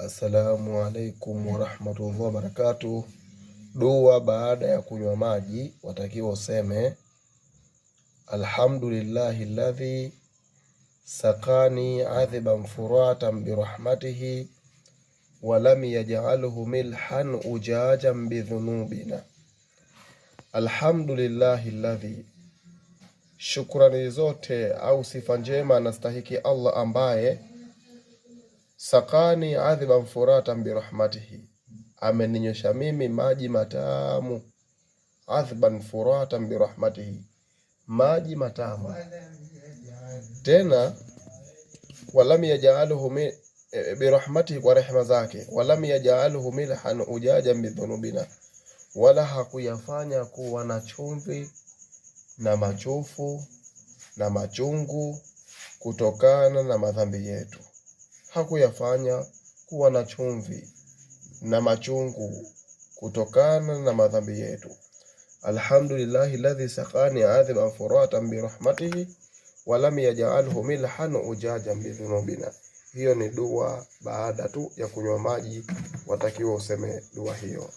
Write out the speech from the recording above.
Assalamu alaikum warahmatullahi wabarakatuh. Dua baada ya kunywa maji watakiwa useme alhamdulillahi ladhi sakani adhiban furatan birahmatihi walam yajalhu milhan ujajan bidhunubina. Alhamdulillahi ladhi shukrani zote au sifa njema anastahiki Allah ambaye Sakani adhiban furatan birahmatihi, ameninyosha mimi maji matamu. Adhiban furatan birahmatihi, maji matamu. Tena walam yajaluhu eh, birahmatihi, kwa rehema zake. Walam yajaluhu milhan ujajan bidhunubina, wala hakuyafanya kuwa na chumvi na machufu na machungu kutokana na madhambi yetu hakuyafanya kuwa na chumvi na machungu kutokana na madhambi yetu. Alhamdulillahi ladhi sakani adhiba furatan birahmatihi walam yajalhu milhan ujajan bidhunubina. Hiyo ni dua baada tu ya kunywa maji, watakiwa useme dua hiyo.